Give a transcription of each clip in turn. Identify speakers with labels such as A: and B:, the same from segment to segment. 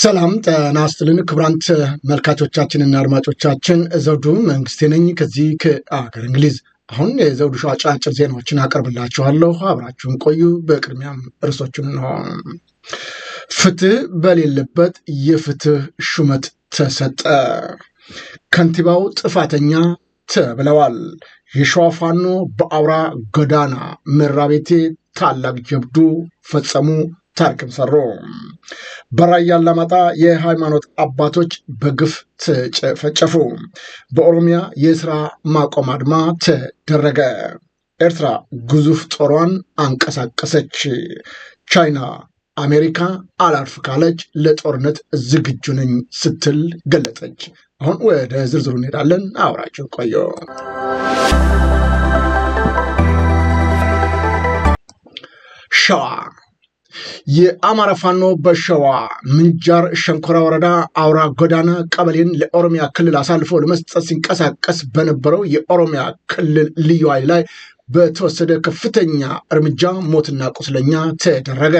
A: ሰላም ጤና ይስጥልን ክቡራን ተመልካቾቻችንና አድማጮቻችን ዘውዱ መንግስቴ ነኝ ከዚህ ከአገር እንግሊዝ። አሁን የዘውዱ ሾው አጫጭር ዜናዎችን አቀርብላችኋለሁ፣ አብራችሁን ቆዩ። በቅድሚያም እርሶችን ነው። ፍትህ በሌለበት የፍትህ ሹመት ተሰጠ፣ ከንቲባው ጥፋተኛ ተብለዋል። የሸዋ ፋኖ በአውራ ጎዳና መራቤቴ ታላቅ ጀብዱ ፈጸሙ ታሪክም ሰሩ። በራያ አላማጣ የሃይማኖት አባቶች በግፍ ተጨፈጨፉ። በኦሮሚያ የስራ ማቆም አድማ ተደረገ። ኤርትራ ግዙፍ ጦሯን አንቀሳቀሰች። ቻይና አሜሪካ አላርፍ ካለች ለጦርነት ዝግጁ ነኝ ስትል ገለጠች። አሁን ወደ ዝርዝሩ እንሄዳለን። አብራችሁ ቆዩ። ሸዋ የአማራ ፋኖ በሸዋ ምንጃር ሸንኮራ ወረዳ አውራ ጎዳና ቀበሌን ለኦሮሚያ ክልል አሳልፎ ለመስጠት ሲንቀሳቀስ በነበረው የኦሮሚያ ክልል ልዩ ኃይል ላይ በተወሰደ ከፍተኛ እርምጃ ሞትና ቁስለኛ ተደረገ።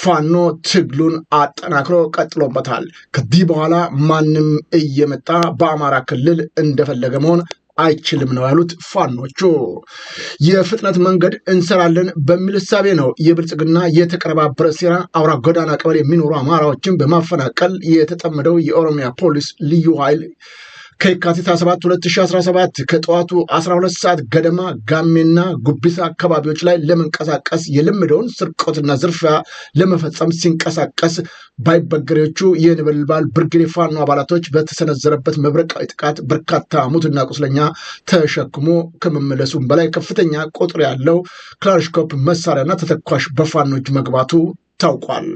A: ፋኖ ትግሉን አጠናክሮ ቀጥሎበታል። ከዚህ በኋላ ማንም እየመጣ በአማራ ክልል እንደፈለገ መሆን አይችልም ነው ያሉት ፋኖቹ። የፍጥነት መንገድ እንሰራለን በሚል እሳቤ ነው የብልጽግና የተቀነባበረ ሴራ አውራ ጎዳና ቀበሌ የሚኖሩ አማራዎችን በማፈናቀል የተጠመደው የኦሮሚያ ፖሊስ ልዩ ኃይል ከየካቲት 7 2017 ከጠዋቱ 12 ሰዓት ገደማ ጋሜና ጉቢሳ አካባቢዎች ላይ ለመንቀሳቀስ የለመደውን ስርቆትና ዝርፊያ ለመፈጸም ሲንቀሳቀስ ባይበገሬዎቹ የነበልባል ብርጌድ ፋኖ አባላቶች በተሰነዘረበት መብረቃዊ ጥቃት በርካታ ሙትና ቁስለኛ ተሸክሞ ከመመለሱም በላይ ከፍተኛ ቁጥር ያለው ክላሽኮፕ መሳሪያና ተተኳሽ በፋኖች መግባቱ ታውቋል።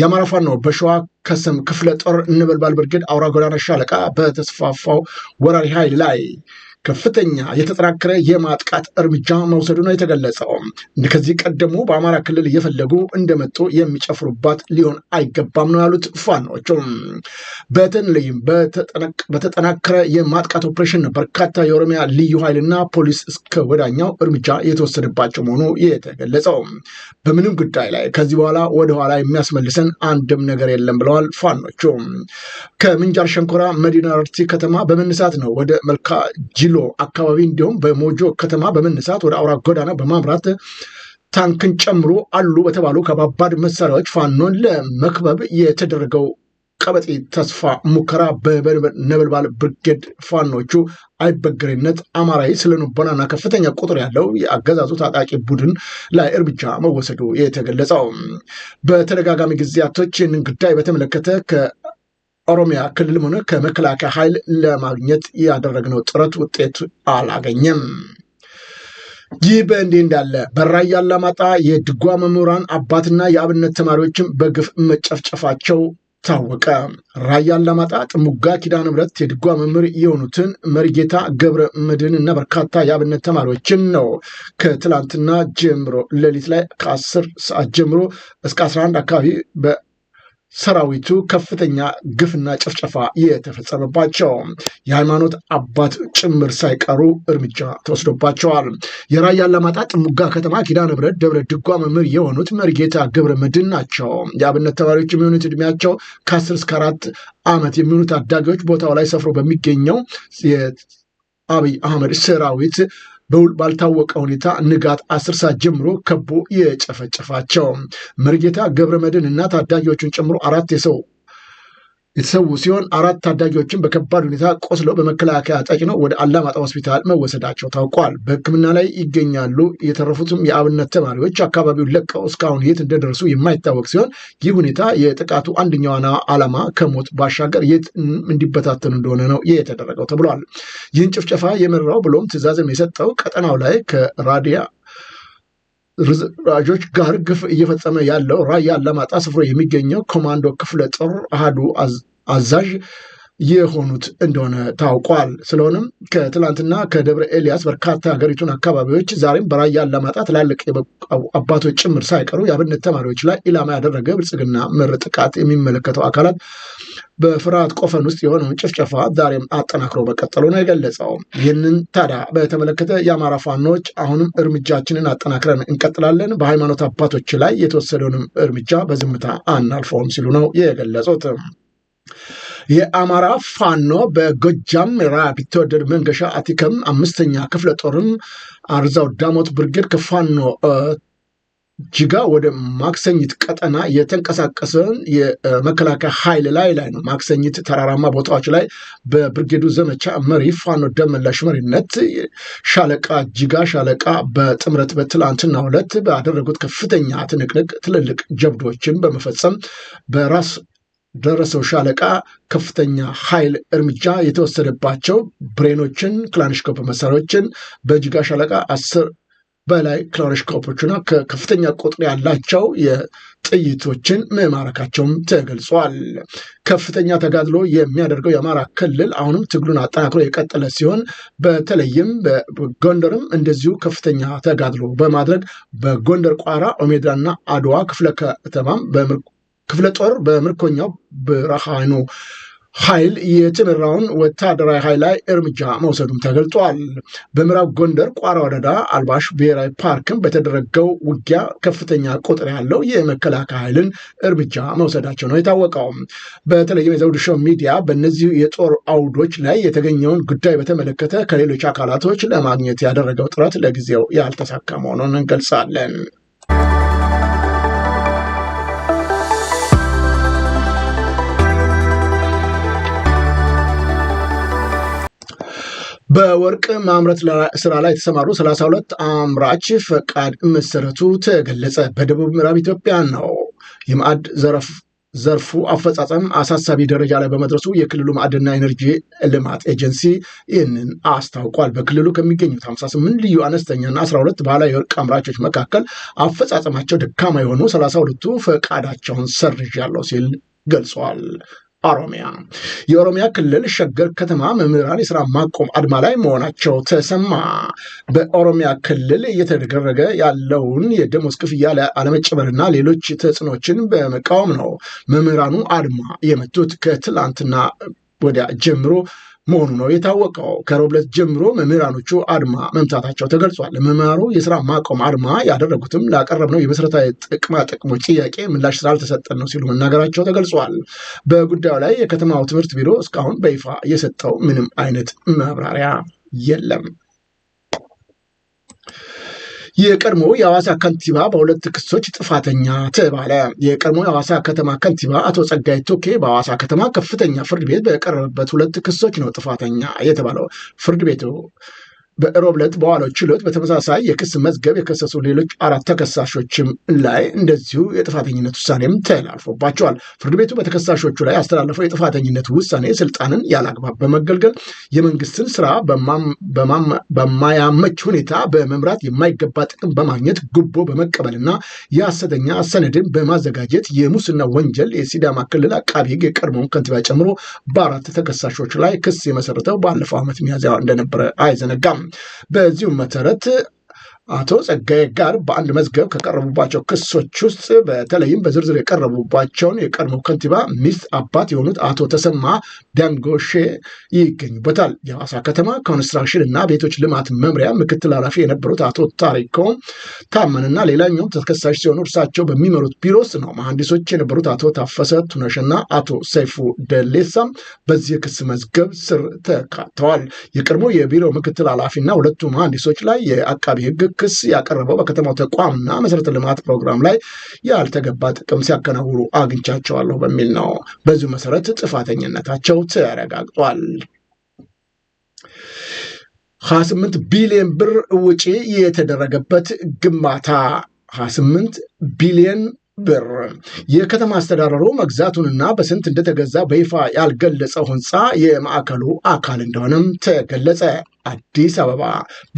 A: የአማራ ፋኖ በሸዋ ከሰም ክፍለ ጦር ነበልባል ብርጌድ አውራ ጎዳና ሻለቃ በተስፋፋው ወራሪ ኃይል ላይ ከፍተኛ የተጠናከረ የማጥቃት እርምጃ መውሰዱ ነው የተገለጸው። ከዚህ ቀደሙ በአማራ ክልል እየፈለጉ እንደመጡ የሚጨፍሩባት ሊሆን አይገባም ነው ያሉት ፋኖቹ በተለይም በተጠናከረ የማጥቃት ኦፕሬሽን በርካታ የኦሮሚያ ልዩ ኃይልና ፖሊስ እስከ ወዳኛው እርምጃ የተወሰደባቸው መሆኑ የተገለጸው። በምንም ጉዳይ ላይ ከዚህ በኋላ ወደኋላ የሚያስመልሰን አንድም ነገር የለም ብለዋል ፋኖቹ። ከምንጃር ሸንኮራ መዲና ርቲ ከተማ በመነሳት ነው ወደ መልካ ጅሉ ወሎ አካባቢ እንዲሁም በሞጆ ከተማ በመነሳት ወደ አውራ ጎዳና በማምራት ታንክን ጨምሮ አሉ በተባሉ ከባባድ መሳሪያዎች ፋኖን ለመክበብ የተደረገው ቀበጤ ተስፋ ሙከራ በነበልባል ብርጌድ ፋኖቹ አይበገሬነት አማራዊ ስለንቦናና ከፍተኛ ቁጥር ያለው የአገዛዙ ታጣቂ ቡድን ላይ እርምጃ መወሰዱ የተገለጸው በተደጋጋሚ ጊዜያቶች ይህንን ጉዳይ በተመለከተ ኦሮሚያ ክልልም ሆነ ከመከላከያ ኃይል ለማግኘት ያደረግነው ጥረት ውጤት አላገኘም። ይህ በእንዲህ እንዳለ በራያ አላማጣ የድጓ መምህራን አባትና የአብነት ተማሪዎችን በግፍ መጨፍጨፋቸው ታወቀ። ራያ አላማጣ ጥሙጋ ኪዳን ምሕረት የድጓ መምህር የሆኑትን መርጌታ ገብረ መድህን እና በርካታ የአብነት ተማሪዎችን ነው ከትላንትና ጀምሮ ሌሊት ላይ ከ 1 ሰዓት ጀምሮ እስከ 11 አካባቢ ሰራዊቱ ከፍተኛ ግፍና ጭፍጨፋ የተፈጸመባቸው የሃይማኖት አባት ጭምር ሳይቀሩ እርምጃ ተወስዶባቸዋል። የራያ አላማጣ ጥሙጋ ከተማ ኪዳነ ምሕረት ደብረ ድጓ መምህር የሆኑት መርጌታ ገብረ መድኅን ናቸው። የአብነት ተማሪዎች የሚሆኑት እድሜያቸው ከአስር እስከ አራት ዓመት የሚሆኑ ታዳጊዎች ቦታው ላይ ሰፍሮ በሚገኘው የአብይ አህመድ ሰራዊት በውል ባልታወቀ ሁኔታ ንጋት አስር ሰዓት ጀምሮ ከቦ የጨፈጨፋቸው መርጌታ ገብረመድህን እና ታዳጊዎቹን ጨምሮ አራት የሰው የተሰዉ ሲሆን አራት ታዳጊዎችን በከባድ ሁኔታ ቆስለው በመከላከያ ነው ወደ አላማጣ ሆስፒታል መወሰዳቸው ታውቋል። በሕክምና ላይ ይገኛሉ። የተረፉትም የአብነት ተማሪዎች አካባቢውን ለቀው እስካሁን የት እንደደረሱ የማይታወቅ ሲሆን ይህ ሁኔታ የጥቃቱ አንደኛ አላማ ዓላማ ከሞት ባሻገር የት እንዲበታተኑ እንደሆነ ነው የተደረገው ተብሏል። ይህን ጭፍጨፋ የመራው ብሎም ትዕዛዝም የሰጠው ቀጠናው ላይ ከራዲያ ርዝራዦች ጋር ግፍ እየፈጸመ ያለው ራያ አላማጣ ስፍሮ የሚገኘው ኮማንዶ ክፍለ ጦር አሃዱ አዛዥ የሆኑት እንደሆነ ታውቋል። ስለሆነም ከትላንትና ከደብረ ኤልያስ በርካታ ሀገሪቱን አካባቢዎች ዛሬም በራያ አላማጣ ትላልቅ አባቶች ጭምር ሳይቀሩ የአብነት ተማሪዎች ላይ ኢላማ ያደረገ ብልጽግና ምር ጥቃት የሚመለከተው አካላት በፍርሃት ቆፈን ውስጥ የሆነውን ጭፍጨፋ ዛሬም አጠናክሮ መቀጠሉ ነው የገለጸው። ይህንን ታዲያ በተመለከተ የአማራ ፋኖች አሁንም እርምጃችንን አጠናክረን እንቀጥላለን፣ በሃይማኖት አባቶች ላይ የተወሰደውንም እርምጃ በዝምታ አናልፈውም ሲሉ ነው የገለጹት። የአማራ ፋኖ በጎጃም ራብ ቢትወደድ መንገሻ አቲከም አምስተኛ ክፍለ ጦርም አርዛው ዳሞት ብርጌድ ከፋኖ ጅጋ ወደ ማክሰኝት ቀጠና የተንቀሳቀሰን የመከላከያ ኃይል ላይ ላይ ነው። ማክሰኝት ተራራማ ቦታዎች ላይ በብርጌዱ ዘመቻ መሪ ፋኖ ደመላሽ መሪነት ሻለቃ ጅጋ ሻለቃ በጥምረት በትላንትና ሁለት ባደረጉት ከፍተኛ ትንቅንቅ ትልልቅ ጀብዶችን በመፈጸም በራስ ደረሰው ሻለቃ ከፍተኛ ኃይል እርምጃ የተወሰደባቸው ብሬኖችን፣ ክላንሽኮፕ መሳሪያዎችን በእጅጋ ሻለቃ አስር በላይ ክላሽንኮቮችና ከከፍተኛ ቁጥር ያላቸው የጥይቶችን መማረካቸውም ተገልጿል። ከፍተኛ ተጋድሎ የሚያደርገው የአማራ ክልል አሁንም ትግሉን አጠናክሮ የቀጠለ ሲሆን በተለይም በጎንደርም እንደዚሁ ከፍተኛ ተጋድሎ በማድረግ በጎንደር ቋራ፣ ኦሜዳና አድዋ ክፍለ ከተማም ክፍለ ጦር በምርኮኛው ብርሃኑ ኃይል የተመራውን ወታደራዊ ኃይል ላይ እርምጃ መውሰዱም ተገልጧል። በምዕራብ ጎንደር ቋራ ወረዳ አልባሽ ብሔራዊ ፓርክም በተደረገው ውጊያ ከፍተኛ ቁጥር ያለው የመከላከያ ኃይልን እርምጃ መውሰዳቸው ነው የታወቀው። በተለይም የዘውዱ ሾው ሚዲያ በእነዚህ የጦር አውዶች ላይ የተገኘውን ጉዳይ በተመለከተ ከሌሎች አካላቶች ለማግኘት ያደረገው ጥረት ለጊዜው ያልተሳካ መሆኑን እንገልጻለን። በወርቅ ማምረት ስራ ላይ የተሰማሩ 32 አምራች ፈቃድ መሰረቱ ተገለጸ። በደቡብ ምዕራብ ኢትዮጵያ ነው። የማዕድ ዘርፉ አፈጻጸም አሳሳቢ ደረጃ ላይ በመድረሱ የክልሉ ማዕድንና ኤነርጂ ልማት ኤጀንሲ ይህንን አስታውቋል። በክልሉ ከሚገኙት 58 ልዩ አነስተኛና 12 ባህላዊ የወርቅ አምራቾች መካከል አፈጻጸማቸው ደካማ የሆኑ 32ቱ ፈቃዳቸውን ሰርዣለሁ ሲል ገልጿል። ኦሮሚያ የኦሮሚያ ክልል ሸገር ከተማ መምህራን የስራ ማቆም አድማ ላይ መሆናቸው ተሰማ። በኦሮሚያ ክልል እየተደረገ ያለውን የደሞዝ ክፍያ አለመጨመርና ሌሎች ተጽዕኖችን በመቃወም ነው መምህራኑ አድማ የመቱት። ከትላንትና ወዲያ ጀምሮ መሆኑ ነው የታወቀው። ከሮብለት ጀምሮ መምህራኖቹ አድማ መምታታቸው ተገልጿል። መምህራኑ የስራ ማቆም አድማ ያደረጉትም ላቀረብነው የመሰረታዊ ጥቅማ ጥቅሞች ጥያቄ ምላሽ ስላልተሰጠን ነው ሲሉ መናገራቸው ተገልጿል። በጉዳዩ ላይ የከተማው ትምህርት ቢሮ እስካሁን በይፋ የሰጠው ምንም አይነት ማብራሪያ የለም። የቀድሞ የሐዋሳ ከንቲባ በሁለት ክሶች ጥፋተኛ ተባለ። የቀድሞ የሐዋሳ ከተማ ከንቲባ አቶ ጸጋይ ቶኬ በሐዋሳ ከተማ ከፍተኛ ፍርድ ቤት በቀረበበት ሁለት ክሶች ነው ጥፋተኛ የተባለው ፍርድ ቤቱ በሮብ ዕለት በዋለው ችሎት በተመሳሳይ የክስ መዝገብ የከሰሱ ሌሎች አራት ተከሳሾችም ላይ እንደዚሁ የጥፋተኝነት ውሳኔም ተላልፎባቸዋል። ፍርድ ቤቱ በተከሳሾቹ ላይ ያስተላለፈው የጥፋተኝነት ውሳኔ ስልጣንን ያላግባብ በመገልገል የመንግስትን ስራ በማያመች ሁኔታ በመምራት የማይገባ ጥቅም በማግኘት ጉቦ በመቀበልና የሐሰተኛ ሰነድን በማዘጋጀት የሙስና ወንጀል የሲዳማ ክልል አቃቢ ሕግ የቀድሞውን ከንቲባ ጨምሮ በአራት ተከሳሾች ላይ ክስ የመሰረተው ባለፈው ዓመት ሚያዝያ እንደነበረ አይዘነጋም። በዚሁ መሰረት አቶ ጸጋዬ ጋር በአንድ መዝገብ ከቀረቡባቸው ክሶች ውስጥ በተለይም በዝርዝር የቀረቡባቸውን የቀድሞ ከንቲባ ሚስት አባት የሆኑት አቶ ተሰማ ዳንጎሼ ይገኙበታል። የሐዋሳ ከተማ ኮንስትራክሽን እና ቤቶች ልማት መምሪያ ምክትል ኃላፊ የነበሩት አቶ ታሪኮ ታመንና ሌላኛውም ተከሳሽ ሲሆኑ እርሳቸው በሚመሩት ቢሮ ውስጥ ነው መሐንዲሶች የነበሩት አቶ ታፈሰ ቱነሽና አቶ ሰይፉ ደሌሳም በዚህ የክስ መዝገብ ስር ተካተዋል። የቀድሞ የቢሮ ምክትል ኃላፊና ሁለቱ መሐንዲሶች ላይ የአቃቢ ህግ ክስ ያቀረበው በከተማው ተቋምና መሰረተ ልማት ፕሮግራም ላይ ያልተገባ ጥቅም ሲያከናውሩ አግኝቻቸዋለሁ በሚል ነው። በዚሁ መሰረት ጥፋተኝነታቸው ተረጋግጧል። 28 ቢሊዮን ብር ውጪ የተደረገበት ግንባታ 28 ቢሊዮን ብር የከተማ አስተዳደሩ መግዛቱንና በስንት እንደተገዛ በይፋ ያልገለጸው ህንፃ የማዕከሉ አካል እንደሆነም ተገለጸ። አዲስ አበባ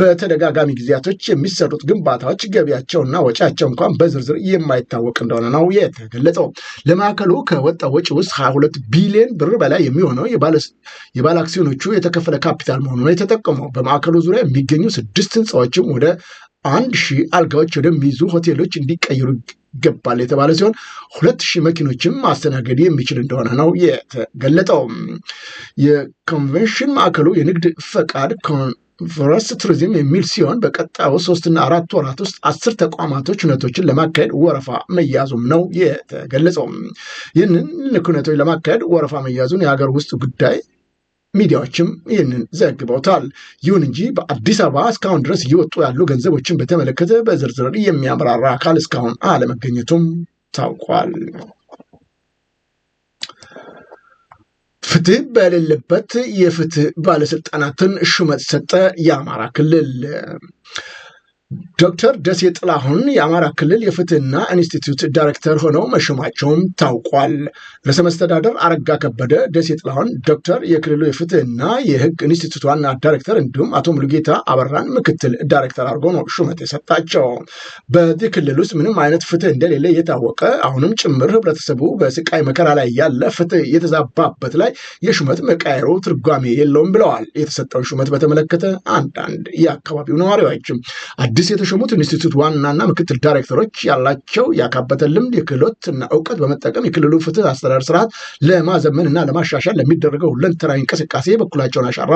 A: በተደጋጋሚ ጊዜያቶች የሚሰሩት ግንባታዎች ገቢያቸውና ወጪያቸው እንኳን በዝርዝር የማይታወቅ እንደሆነ ነው የተገለጸው። ለማዕከሉ ከወጣ ወጪ ውስጥ 22 ቢሊዮን ብር በላይ የሚሆነው የባለ አክሲዮኖቹ የተከፈለ ካፒታል መሆኑ ነው የተጠቀመው። በማዕከሉ ዙሪያ የሚገኙ ስድስት ህንፃዎችም ወደ አንድ ሺህ አልጋዎች ወደሚይዙ ሆቴሎች እንዲቀይሩ ይገባል የተባለ ሲሆን ሁለት ሺህ መኪኖችም ማስተናገድ የሚችል እንደሆነ ነው የተገለጠው። የኮንቬንሽን ማዕከሉ የንግድ ፈቃድ ኮንፈረንስ ቱሪዝም የሚል ሲሆን በቀጣዩ ሶስትና አራት ወራት ውስጥ አስር ተቋማቶች ሁነቶችን ለማካሄድ ወረፋ መያዙም ነው የተገለጸው። ይህንን ሁነቶች ለማካሄድ ወረፋ መያዙን የሀገር ውስጥ ጉዳይ ሚዲያዎችም ይህንን ዘግበውታል። ይሁን እንጂ በአዲስ አበባ እስካሁን ድረስ እየወጡ ያሉ ገንዘቦችን በተመለከተ በዝርዝር የሚያብራራ አካል እስካሁን አለመገኘቱም ታውቋል። ፍትህ በሌለበት የፍትህ ባለስልጣናትን ሹመት ሰጠ የአማራ ክልል። ዶክተር ደሴ ጥላሁን የአማራ ክልል የፍትህና ኢንስቲትዩት ዳይሬክተር ሆነው መሾማቸውም ታውቋል። ርዕሰ መስተዳደር አረጋ ከበደ ደሴ ጥላሁን ዶክተር የክልሉ የፍትህና የህግ ኢንስቲትዩት ዋና ዳይሬክተር እንዲሁም አቶ ሙሉጌታ አበራን ምክትል ዳይሬክተር አድርጎ ነው ሹመት የሰጣቸው። በዚህ ክልል ውስጥ ምንም አይነት ፍትህ እንደሌለ የታወቀ አሁንም ጭምር ህብረተሰቡ በስቃይ መከራ ላይ ያለ ፍትህ የተዛባበት ላይ የሹመት መቀየሩ ትርጓሜ የለውም ብለዋል። የተሰጠውን ሹመት በተመለከተ አንዳንድ የአካባቢው ነዋሪዎችም አዲስ የተሾሙት ኢንስቲትዩት ዋናና ምክትል ዳይሬክተሮች ያላቸው ያካበተ ልምድ፣ የክህሎት እና እውቀት በመጠቀም የክልሉ ፍትህ አስተዳደር ስርዓት ለማዘመን እና ለማሻሻል ለሚደረገው ሁለንተናዊ እንቅስቃሴ የበኩላቸውን አሻራ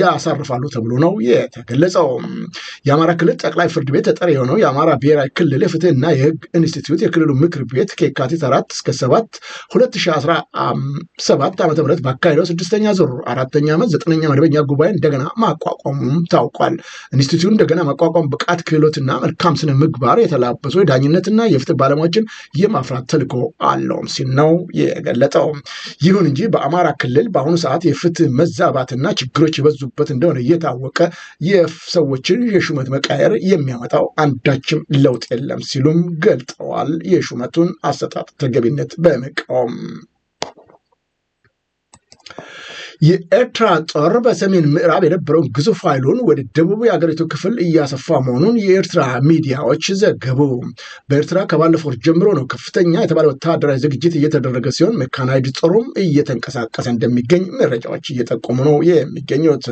A: ያሳርፋሉ ተብሎ ነው የተገለጸው። የአማራ ክልል ጠቅላይ ፍርድ ቤት ተጠሪ የሆነው የአማራ ብሔራዊ ክልል የፍትህና የህግ ኢንስቲትዩት የክልሉ ምክር ቤት ከየካቲት አራት እስከ ሰባት 2017 ዓ ም ባካሄደው ስድስተኛ ዙር አራተኛ ዓመት ዘጠነኛ መደበኛ ጉባኤ እንደገና ማቋቋሙም ታውቋል። ኢንስቲትዩት እንደገና ማቋቋም ብቃት ክህሎት ክህሎትና መልካም ስነ ምግባር የተላበሱ የዳኝነትና የፍትህ ባለሙያዎችን የማፍራት ተልዕኮ አለውም ሲል ነው የገለጠው። ይሁን እንጂ በአማራ ክልል በአሁኑ ሰዓት የፍትህ መዛባትና ችግሮች የበዙበት እንደሆነ እየታወቀ የሰዎችን የሹመት መቃየር የሚያመጣው አንዳችም ለውጥ የለም ሲሉም ገልጠዋል። የሹመቱን አሰጣጥ ተገቢነት በመቃወም የኤርትራ ጦር በሰሜን ምዕራብ የነበረውን ግዙፍ ኃይሉን ወደ ደቡብ የአገሪቱ ክፍል እያሰፋ መሆኑን የኤርትራ ሚዲያዎች ዘገቡ። በኤርትራ ከባለፈው ወር ጀምሮ ነው ከፍተኛ የተባለ ወታደራዊ ዝግጅት እየተደረገ ሲሆን መካናይድ ጦሩም እየተንቀሳቀሰ እንደሚገኝ መረጃዎች እየጠቆሙ ነው የሚገኙት።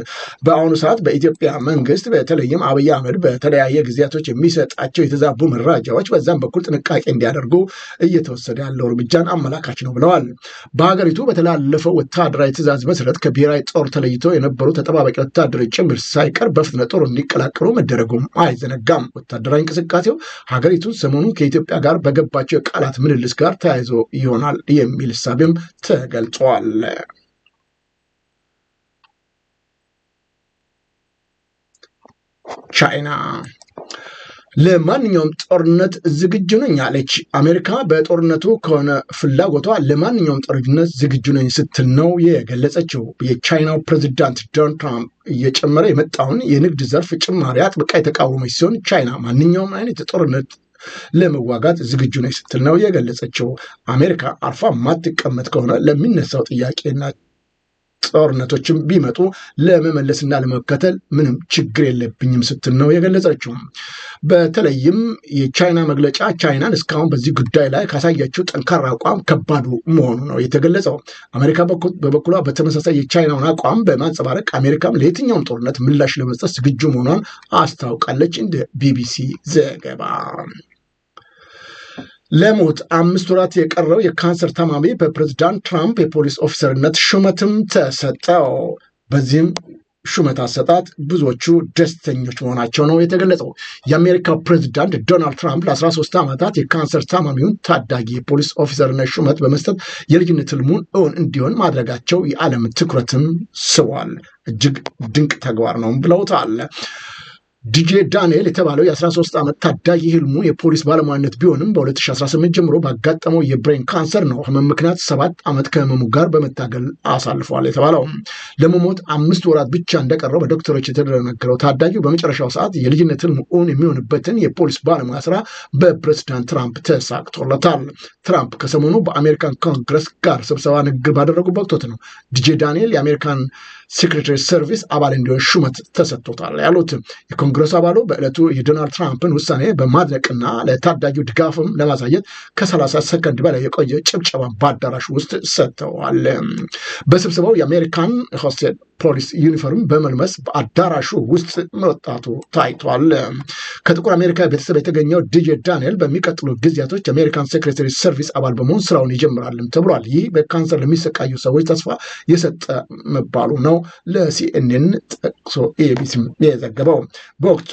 A: በአሁኑ ሰዓት በኢትዮጵያ መንግስት በተለይም አብይ አህመድ በተለያየ ጊዜያቶች የሚሰጣቸው የተዛቡ መረጃዎች በዛም በኩል ጥንቃቄ እንዲያደርጉ እየተወሰደ ያለው እርምጃን አመላካች ነው ብለዋል። በሀገሪቱ በተላለፈው ወታደራዊ ትዕዛዝ መሰረት ከብሔራዊ ጦር ተለይተው የነበሩ ተጠባባቂ ወታደሮች ጭምር ሳይቀር በፍጥነት ጦር እንዲቀላቀሉ መደረጉም አይዘነጋም። ወታደራዊ እንቅስቃሴው ሀገሪቱ ሰሞኑን ከኢትዮጵያ ጋር በገባቸው የቃላት ምልልስ ጋር ተያይዞ ይሆናል የሚል ሳቢም ተገልጿል። ቻይና ለማንኛውም ጦርነት ዝግጁ ነኝ አለች። አሜሪካ በጦርነቱ ከሆነ ፍላጎቷ ለማንኛውም ጦርነት ዝግጁ ነኝ ስትል ነው የገለጸችው። የቻይናው ፕሬዚዳንት ዶናልድ ትራምፕ እየጨመረ የመጣውን የንግድ ዘርፍ ጭማሪ አጥብቃ የተቃወመች ሲሆን ቻይና ማንኛውም አይነት ጦርነት ለመዋጋት ዝግጁ ነች ስትል ነው የገለጸችው። አሜሪካ አርፋ ማትቀመጥ ከሆነ ለሚነሳው ጥያቄና ጦርነቶችም ቢመጡ ለመመለስና ለመከተል ምንም ችግር የለብኝም ስትል ነው የገለጸችው። በተለይም የቻይና መግለጫ ቻይናን እስካሁን በዚህ ጉዳይ ላይ ካሳያችው ጠንካራ አቋም ከባዱ መሆኑ ነው የተገለጸው። አሜሪካ በበኩሏ በተመሳሳይ የቻይናውን አቋም በማንጸባረቅ አሜሪካም ለየትኛውም ጦርነት ምላሽ ለመስጠት ዝግጁ መሆኗን አስታውቃለች። እንደ ቢቢሲ ዘገባ ለሞት አምስት ወራት የቀረው የካንሰር ታማሚ በፕሬዚዳንት ትራምፕ የፖሊስ ኦፊሰርነት ሹመትም ተሰጠው። በዚህም ሹመት አሰጣጥ ብዙዎቹ ደስተኞች መሆናቸው ነው የተገለጸው። የአሜሪካው ፕሬዚዳንት ዶናልድ ትራምፕ ለ13 ዓመታት የካንሰር ታማሚውን ታዳጊ የፖሊስ ኦፊሰርነት ሹመት በመስጠት የልጅነት ህልሙን እውን እንዲሆን ማድረጋቸው የዓለም ትኩረትም ስቧል። እጅግ ድንቅ ተግባር ነው ብለውታል። ዲጄ ዳንኤል የተባለው የ13 ዓመት ታዳጊ ህልሙ የፖሊስ ባለሙያነት ቢሆንም በ2018 ጀምሮ ባጋጠመው የብሬን ካንሰር ነው ህመም ምክንያት ሰባት ዓመት ከህመሙ ጋር በመታገል አሳልፏል የተባለው። ለመሞት አምስት ወራት ብቻ እንደቀረው በዶክተሮች የተደነገረው ታዳጊው በመጨረሻው ሰዓት የልጅነት ህልሙ እውን የሚሆንበትን የፖሊስ ባለሙያ ስራ በፕሬዚዳንት ትራምፕ ተሳክቶለታል። ትራምፕ ከሰሞኑ በአሜሪካን ኮንግረስ ጋር ስብሰባ ንግግር ባደረጉበት ወቅት ነው ዲጄ ዳንኤል የአሜሪካን ሴክሬታሪ ሰርቪስ አባል እንዲሆን ሹመት ተሰጥቶታል ያሉት የኮንግረስ አባሉ በዕለቱ የዶናልድ ትራምፕን ውሳኔ በማድነቅና ለታዳጊው ድጋፍም ለማሳየት ከ30 ሰከንድ በላይ የቆየ ጭብጨባ በአዳራሽ ውስጥ ሰጥተዋል። በስብሰባው የአሜሪካን ሆስቴል ፖሊስ ዩኒፎርም በመልመስ በአዳራሹ ውስጥ መውጣቱ ታይቷል። ከጥቁር አሜሪካ ቤተሰብ የተገኘው ዲጄ ዳንኤል በሚቀጥሉ ጊዜያቶች የአሜሪካን ሴክሬታሪ ሰርቪስ አባል በመሆን ስራውን ይጀምራልም ተብሏል። ይህ በካንሰር ለሚሰቃዩ ሰዎች ተስፋ የሰጠ መባሉ ነው ለሲኤንኤን ጠቅሶ ኤቢሲም የዘገበው በወቅቱ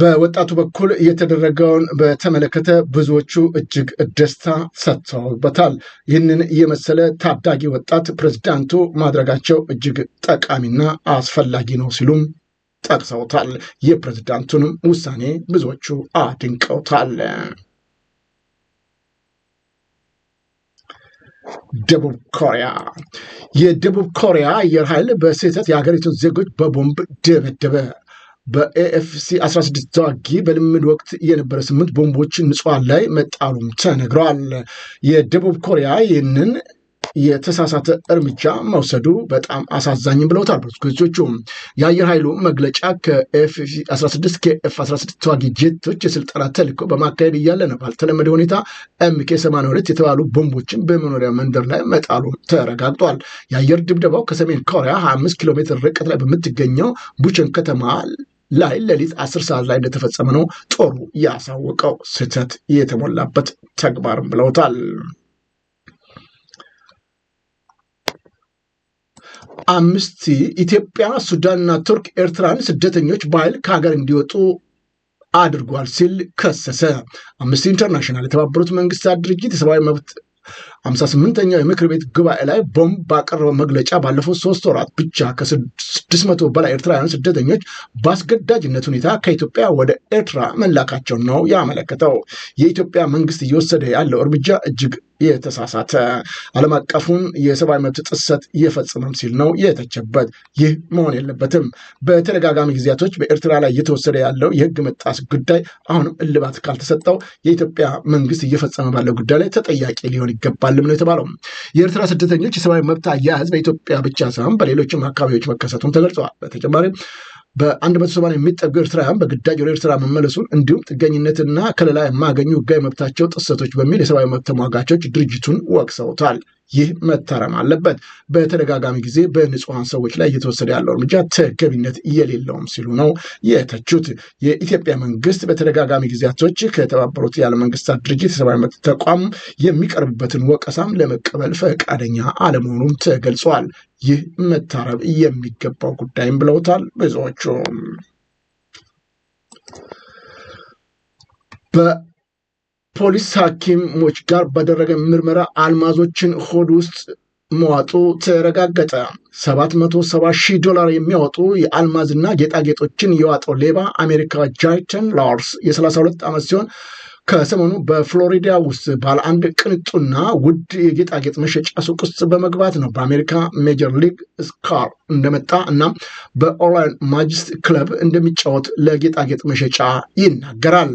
A: በወጣቱ በኩል የተደረገውን በተመለከተ ብዙዎቹ እጅግ ደስታ ሰጥተውበታል። ይህንን የመሰለ ታዳጊ ወጣት ፕሬዝዳንቱ ማድረጋቸው እጅግ ጠቃሚና አስፈላጊ ነው ሲሉም ጠቅሰውታል። የፕሬዝዳንቱንም ውሳኔ ብዙዎቹ አድንቀውታል። ደቡብ ኮሪያ የደቡብ ኮሪያ አየር ኃይል በስህተት የሀገሪቱን ዜጎች በቦምብ ደበደበ። በኤኤፍሲ 16 ተዋጊ በልምድ ወቅት የነበረ ስምንት ቦምቦች ንጽዋን ላይ መጣሉም ተነግረዋል። የደቡብ ኮሪያ ይህንን የተሳሳተ እርምጃ መውሰዱ በጣም አሳዛኝ ብለውታል ፖለቲከኞቹ። የአየር ኃይሉ መግለጫ ከኤፍ16 ከኤፍ 16 ተዋጊ ጄቶች የስልጠና ተልዕኮ በማካሄድ እያለ ነው ባልተለመደ ሁኔታ ኤምኬ 82 የተባሉ ቦምቦችን በመኖሪያ መንደር ላይ መጣሉ ተረጋግጧል። የአየር ድብደባው ከሰሜን ኮሪያ 25 ኪሎ ሜትር ርቀት ላይ በምትገኘው ቡቸን ከተማ ላይ ሌሊት አስር ሰዓት ላይ እንደተፈጸመ ነው ጦሩ ያሳወቀው። ስህተት የተሞላበት ተግባርም ብለውታል። አምስቲ ኢትዮጵያ፣ ሱዳንና ቱርክ ኤርትራን ስደተኞች በኃይል ከሀገር እንዲወጡ አድርጓል ሲል ከሰሰ። አምስቲ ኢንተርናሽናል የተባበሩት መንግስታት ድርጅት የሰብአዊ መብት ሃምሳ ስምንተኛው የምክር ቤት ጉባኤ ላይ ቦምብ ባቀረበው መግለጫ ባለፉት ሶስት ወራት ብቻ ከስድስት መቶ በላይ ኤርትራውያን ስደተኞች በአስገዳጅነት ሁኔታ ከኢትዮጵያ ወደ ኤርትራ መላካቸውን ነው ያመለከተው። የኢትዮጵያ መንግስት እየወሰደ ያለው እርምጃ እጅግ የተሳሳተ ዓለም አቀፉን የሰብአዊ መብት ጥሰት እየፈጸመም ሲል ነው የተቸበት። ይህ መሆን የለበትም። በተደጋጋሚ ጊዜያቶች በኤርትራ ላይ እየተወሰደ ያለው የህግ መጣስ ጉዳይ አሁንም እልባት ካልተሰጠው የኢትዮጵያ መንግስት እየፈጸመ ባለው ጉዳይ ላይ ተጠያቂ ሊሆን ይገባል ተደርጓልም ነው የተባለው። የኤርትራ ስደተኞች የሰብአዊ መብት አያያዝ በኢትዮጵያ ብቻ ሳይሆን በሌሎችም አካባቢዎች መከሰቱን ተገልጸዋል። በተጨማሪም በ180 የሚጠጉ ኤርትራውያን በግዳጅ ወደ ኤርትራ መመለሱን እንዲሁም ጥገኝነትና ከለላ የማያገኙ ህጋዊ መብታቸው ጥሰቶች በሚል የሰብአዊ መብት ተሟጋቾች ድርጅቱን ወቅሰውታል። ይህ መታረም አለበት። በተደጋጋሚ ጊዜ በንጹሐን ሰዎች ላይ እየተወሰደ ያለው እርምጃ ተገቢነት የሌለውም ሲሉ ነው የተቹት። የኢትዮጵያ መንግስት በተደጋጋሚ ጊዜያቶች ከተባበሩት የዓለም መንግስታት ድርጅት የሰብአዊ መብት ተቋም የሚቀርብበትን ወቀሳም ለመቀበል ፈቃደኛ አለመሆኑም ተገልጿል። ይህ መታረብ የሚገባው ጉዳይም ብለውታል ብዙዎቹ። ፖሊስ ሐኪሞች ጋር ባደረገ ምርመራ አልማዞችን ሆድ ውስጥ መዋጡ ተረጋገጠ። 770 ሺህ ዶላር የሚያወጡ የአልማዝና ጌጣጌጦችን የዋጠው ሌባ አሜሪካ ጃይተን ላርስ የ32 ዓመት ሲሆን ከሰሞኑ በፍሎሪዳ ውስጥ ባለ አንድ ቅንጡና ውድ የጌጣጌጥ መሸጫ ሱቅ ውስጥ በመግባት ነው በአሜሪካ ሜጀር ሊግ ስካር እንደመጣ እና በኦላን ማጅስት ክለብ እንደሚጫወት ለጌጣጌጥ መሸጫ ይናገራል።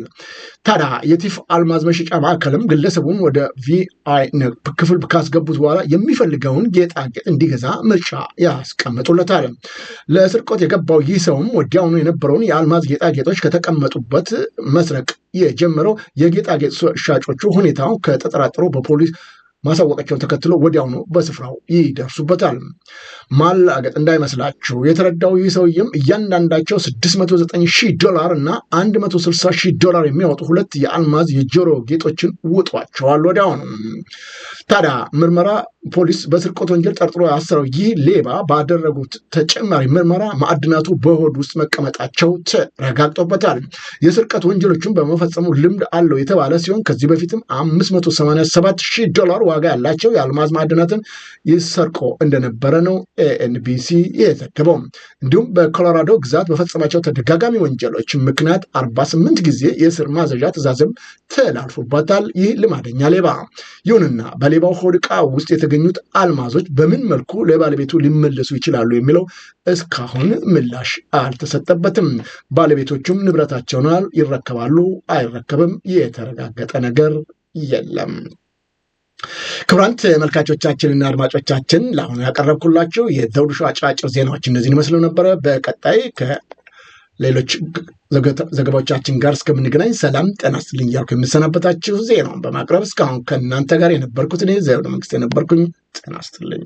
A: ታዲያ የቲፍ አልማዝ መሸጫ ማዕከልም ግለሰቡን ወደ ቪአይ ክፍል ካስገቡት በኋላ የሚፈልገውን ጌጣጌጥ እንዲገዛ ምርጫ ያስቀምጡለታል። ለስርቆት የገባው ይህ ሰውም ወዲያውኑ የነበረውን የአልማዝ ጌጣጌጦች ከተቀመጡበት መስረቅ የጀመረው የጌጣጌጥ ሻጮቹ ሁኔታው ከተጠራጠሩ በፖሊስ ማሳወቃቸውን ተከትሎ ወዲያውኑ በስፍራው ይደርሱበታል። ማላገጥ እንዳይመስላችሁ የተረዳው ይህ ሰውዬም እያንዳንዳቸው 609 ዶላር እና 160 ዶላር የሚያወጡ ሁለት የአልማዝ የጆሮ ጌጦችን ውጧቸዋል። ወዲያውኑ ታዲያ ምርመራ ፖሊስ በስርቆት ወንጀል ጠርጥሮ ያሰረው ይህ ሌባ ባደረጉት ተጨማሪ ምርመራ ማዕድናቱ በሆድ ውስጥ መቀመጣቸው ተረጋግጦበታል። የስርቀት ወንጀሎቹን በመፈጸሙ ልምድ አለው የተባለ ሲሆን ከዚህ በፊትም 587 ዶላር ዋጋ ያላቸው የአልማዝ ማዕድናትን ይሰርቆ እንደነበረ ነው ኤንቢሲ የዘገበው። እንዲሁም በኮሎራዶ ግዛት በፈጸማቸው ተደጋጋሚ ወንጀሎች ምክንያት 48 ጊዜ የእስር ማዘዣ ትዕዛዝም ተላልፎባታል ይህ ልማደኛ ሌባ። ይሁንና በሌባው ሆድ ዕቃ ውስጥ የተገኙት አልማዞች በምን መልኩ ለባለቤቱ ሊመለሱ ይችላሉ የሚለው እስካሁን ምላሽ አልተሰጠበትም። ባለቤቶቹም ንብረታቸውን ይረከባሉ አይረከብም የተረጋገጠ ነገር የለም። ክቡራን ተመልካቾቻችንና አድማጮቻችን ለአሁኑ ያቀረብኩላችሁ የዘውዱ ሾው አጫጭር ዜናዎች እነዚህን ይመስሉ ነበረ። በቀጣይ ከሌሎች ዘገባዎቻችን ጋር እስከምንገናኝ ሰላም ጤና ይስጥልኝ እያልኩ የምሰናበታችሁ ዜናውን በማቅረብ እስካሁን ከእናንተ ጋር የነበርኩት እኔ ዘውዱ መንግስት የነበርኩኝ። ጤና ይስጥልኝ።